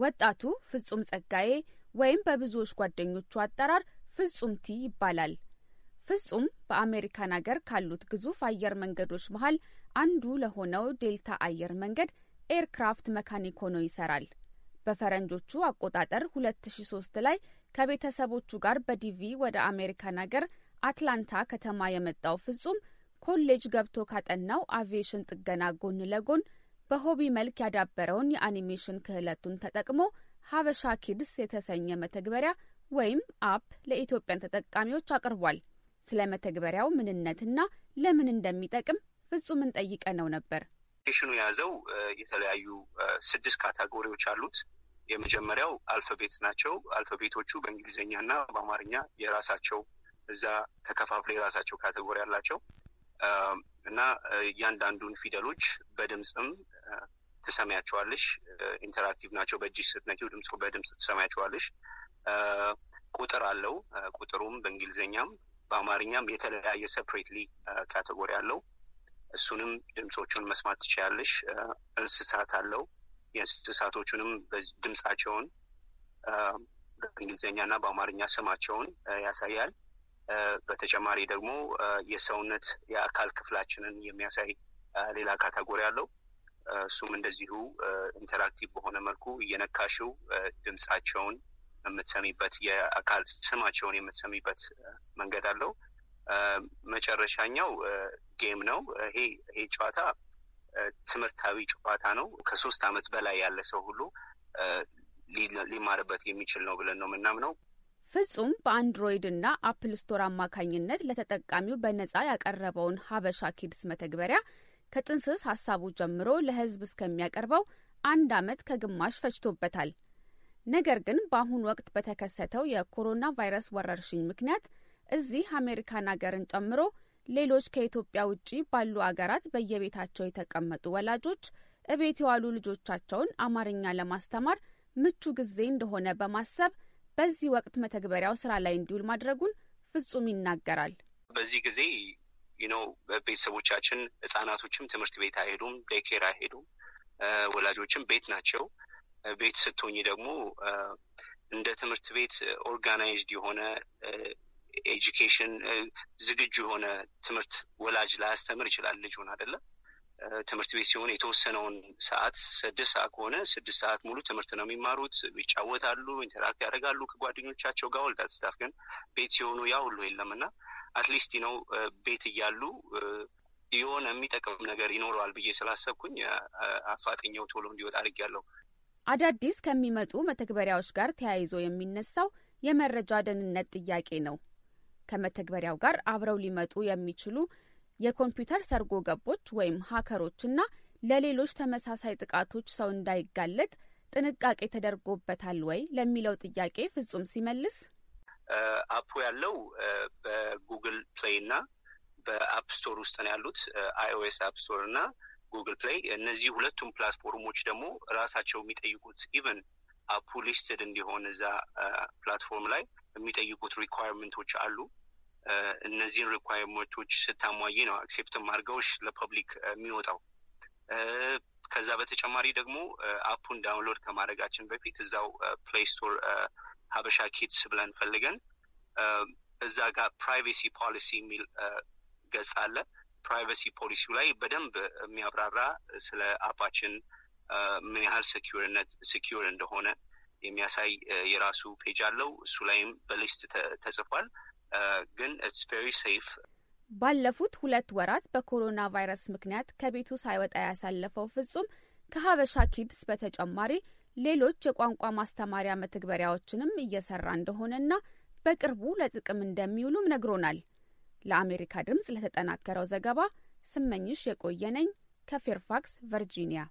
ወጣቱ ፍጹም ጸጋዬ ወይም በብዙዎች ጓደኞቹ አጠራር ፍጹም ቲ ይባላል። ፍጹም በአሜሪካን አገር ካሉት ግዙፍ አየር መንገዶች መሀል አንዱ ለሆነው ዴልታ አየር መንገድ ኤርክራፍት መካኒክ ሆኖ ይሰራል። በፈረንጆቹ አቆጣጠር 2003 ላይ ከቤተሰቦቹ ጋር በዲቪ ወደ አሜሪካን አገር አትላንታ ከተማ የመጣው ፍጹም ኮሌጅ ገብቶ ካጠናው አቪዬሽን ጥገና ጎን ለጎን በሆቢ መልክ ያዳበረውን የአኒሜሽን ክህለቱን ተጠቅሞ ሀበሻ ኪድስ የተሰኘ መተግበሪያ ወይም አፕ ለኢትዮጵያን ተጠቃሚዎች አቅርቧል። ስለ መተግበሪያው ምንነትና ለምን እንደሚጠቅም ፍጹምን ጠይቀ ነው ነበር። ሽኑ የያዘው የተለያዩ ስድስት ካታጎሪዎች አሉት። የመጀመሪያው አልፈቤት ናቸው። አልፈቤቶቹ በእንግሊዝኛና በአማርኛ የራሳቸው እዛ ተከፋፍለ የራሳቸው ካቴጎሪ አላቸው። Um, እና uh, እያንዳንዱን ፊደሎች በድምፅም uh, ትሰሚያቸዋለሽ። uh, ኢንተራክቲቭ ናቸው። በእጅ ስትነኪው ድምፁ በድምፅ ትሰሚያቸዋለሽ። ቁጥር አለው። ቁጥሩም በእንግሊዝኛም በአማርኛም የተለያየ ሴፕሬትሊ ካቴጎሪ አለው። እሱንም ድምፆቹን መስማት ትችያለሽ። እንስሳት አለው። የእንስሳቶቹንም ድምፃቸውን በእንግሊዝኛና በአማርኛ ስማቸውን ያሳያል። በተጨማሪ ደግሞ የሰውነት የአካል ክፍላችንን የሚያሳይ ሌላ ካታጎሪ አለው። እሱም እንደዚሁ ኢንተራክቲቭ በሆነ መልኩ እየነካሽው ድምፃቸውን የምትሰሚበት የአካል ስማቸውን የምትሰሚበት መንገድ አለው። መጨረሻኛው ጌም ነው። ይሄ ይሄ ጨዋታ ትምህርታዊ ጨዋታ ነው። ከሶስት አመት በላይ ያለ ሰው ሁሉ ሊማርበት የሚችል ነው ብለን ነው የምናምነው። ፍጹም በአንድሮይድ እና አፕል ስቶር አማካኝነት ለተጠቃሚው በነጻ ያቀረበውን ሀበሻ ኪድስ መተግበሪያ ከጥንስስ ሀሳቡ ጀምሮ ለህዝብ እስከሚያቀርበው አንድ ዓመት ከግማሽ ፈጅቶበታል። ነገር ግን በአሁኑ ወቅት በተከሰተው የኮሮና ቫይረስ ወረርሽኝ ምክንያት እዚህ አሜሪካን አገርን ጨምሮ ሌሎች ከኢትዮጵያ ውጪ ባሉ አገራት በየቤታቸው የተቀመጡ ወላጆች እቤት የዋሉ ልጆቻቸውን አማርኛ ለማስተማር ምቹ ጊዜ እንደሆነ በማሰብ በዚህ ወቅት መተግበሪያው ስራ ላይ እንዲውል ማድረጉን ፍጹም ይናገራል። በዚህ ጊዜ ነው ቤተሰቦቻችን ህጻናቶችም ትምህርት ቤት አይሄዱም፣ ዴኬር አይሄዱም፣ ወላጆችም ቤት ናቸው። ቤት ስትሆኝ ደግሞ እንደ ትምህርት ቤት ኦርጋናይዝድ የሆነ ኤጁኬሽን ዝግጁ የሆነ ትምህርት ወላጅ ላያስተምር ይችላል ልጁን አይደለም ትምህርት ቤት ሲሆን የተወሰነውን ሰዓት ስድስት ሰዓት ከሆነ ስድስት ሰዓት ሙሉ ትምህርት ነው የሚማሩት። ይጫወታሉ፣ ኢንተራክት ያደርጋሉ ከጓደኞቻቸው ጋር ወልዳት ስታፍ ግን ቤት ሲሆኑ ያ ሁሉ የለም እና አትሊስት ነው uh, ቤት እያሉ uh, የሆነ የሚጠቅም ነገር ይኖረዋል ብዬ ስላሰብኩኝ uh, አፋጠኛው ቶሎ እንዲወጣ አድርጊያለሁ። አዳዲስ ከሚመጡ መተግበሪያዎች ጋር ተያይዞ የሚነሳው የመረጃ ደህንነት ጥያቄ ነው። ከመተግበሪያው ጋር አብረው ሊመጡ የሚችሉ የኮምፒውተር ሰርጎ ገቦች ወይም ሀከሮችና ለሌሎች ተመሳሳይ ጥቃቶች ሰው እንዳይጋለጥ ጥንቃቄ ተደርጎበታል ወይ ለሚለው ጥያቄ ፍጹም ሲመልስ አፑ ያለው በጉግል ፕሌይ እና በአፕ ስቶር ውስጥ ነው ያሉት። አይኦኤስ አፕ ስቶር እና ጉግል ፕሌይ። እነዚህ ሁለቱም ፕላትፎርሞች ደግሞ ራሳቸው የሚጠይቁት ኢቨን አፑ ሊስትድ እንዲሆን እዛ ፕላትፎርም ላይ የሚጠይቁት ሪኳርመንቶች አሉ። እነዚህን ሪኳርመንቶች ስታሟይ ነው አክሴፕትም አድርገውሽ ለፐብሊክ የሚወጣው። ከዛ በተጨማሪ ደግሞ አፑን ዳውንሎድ ከማድረጋችን በፊት እዛው ፕሌይ ስቶር ሀበሻ ኪድስ ብለን ፈልገን እዛ ጋር ፕራይቬሲ ፖሊሲ የሚል ገጽ አለ። ፕራይቬሲ ፖሊሲው ላይ በደንብ የሚያብራራ ስለ አፓችን ምን ያህል ሴኪርነት ሴኪር እንደሆነ የሚያሳይ የራሱ ፔጅ አለው። እሱ ላይም በሊስት ተጽፏል። ግን ኢትስ ቬሪ ሴፍ። ባለፉት ሁለት ወራት በኮሮና ቫይረስ ምክንያት ከቤቱ ሳይወጣ ያሳለፈው ፍጹም ከሀበሻ ኪድስ በተጨማሪ ሌሎች የቋንቋ ማስተማሪያ መተግበሪያዎችንም እየሰራ እንደሆነና በቅርቡ ለጥቅም እንደሚውሉም ነግሮናል። ለአሜሪካ ድምፅ ለተጠናከረው ዘገባ ስመኝሽ የቆየነኝ ከፌርፋክስ ቨርጂኒያ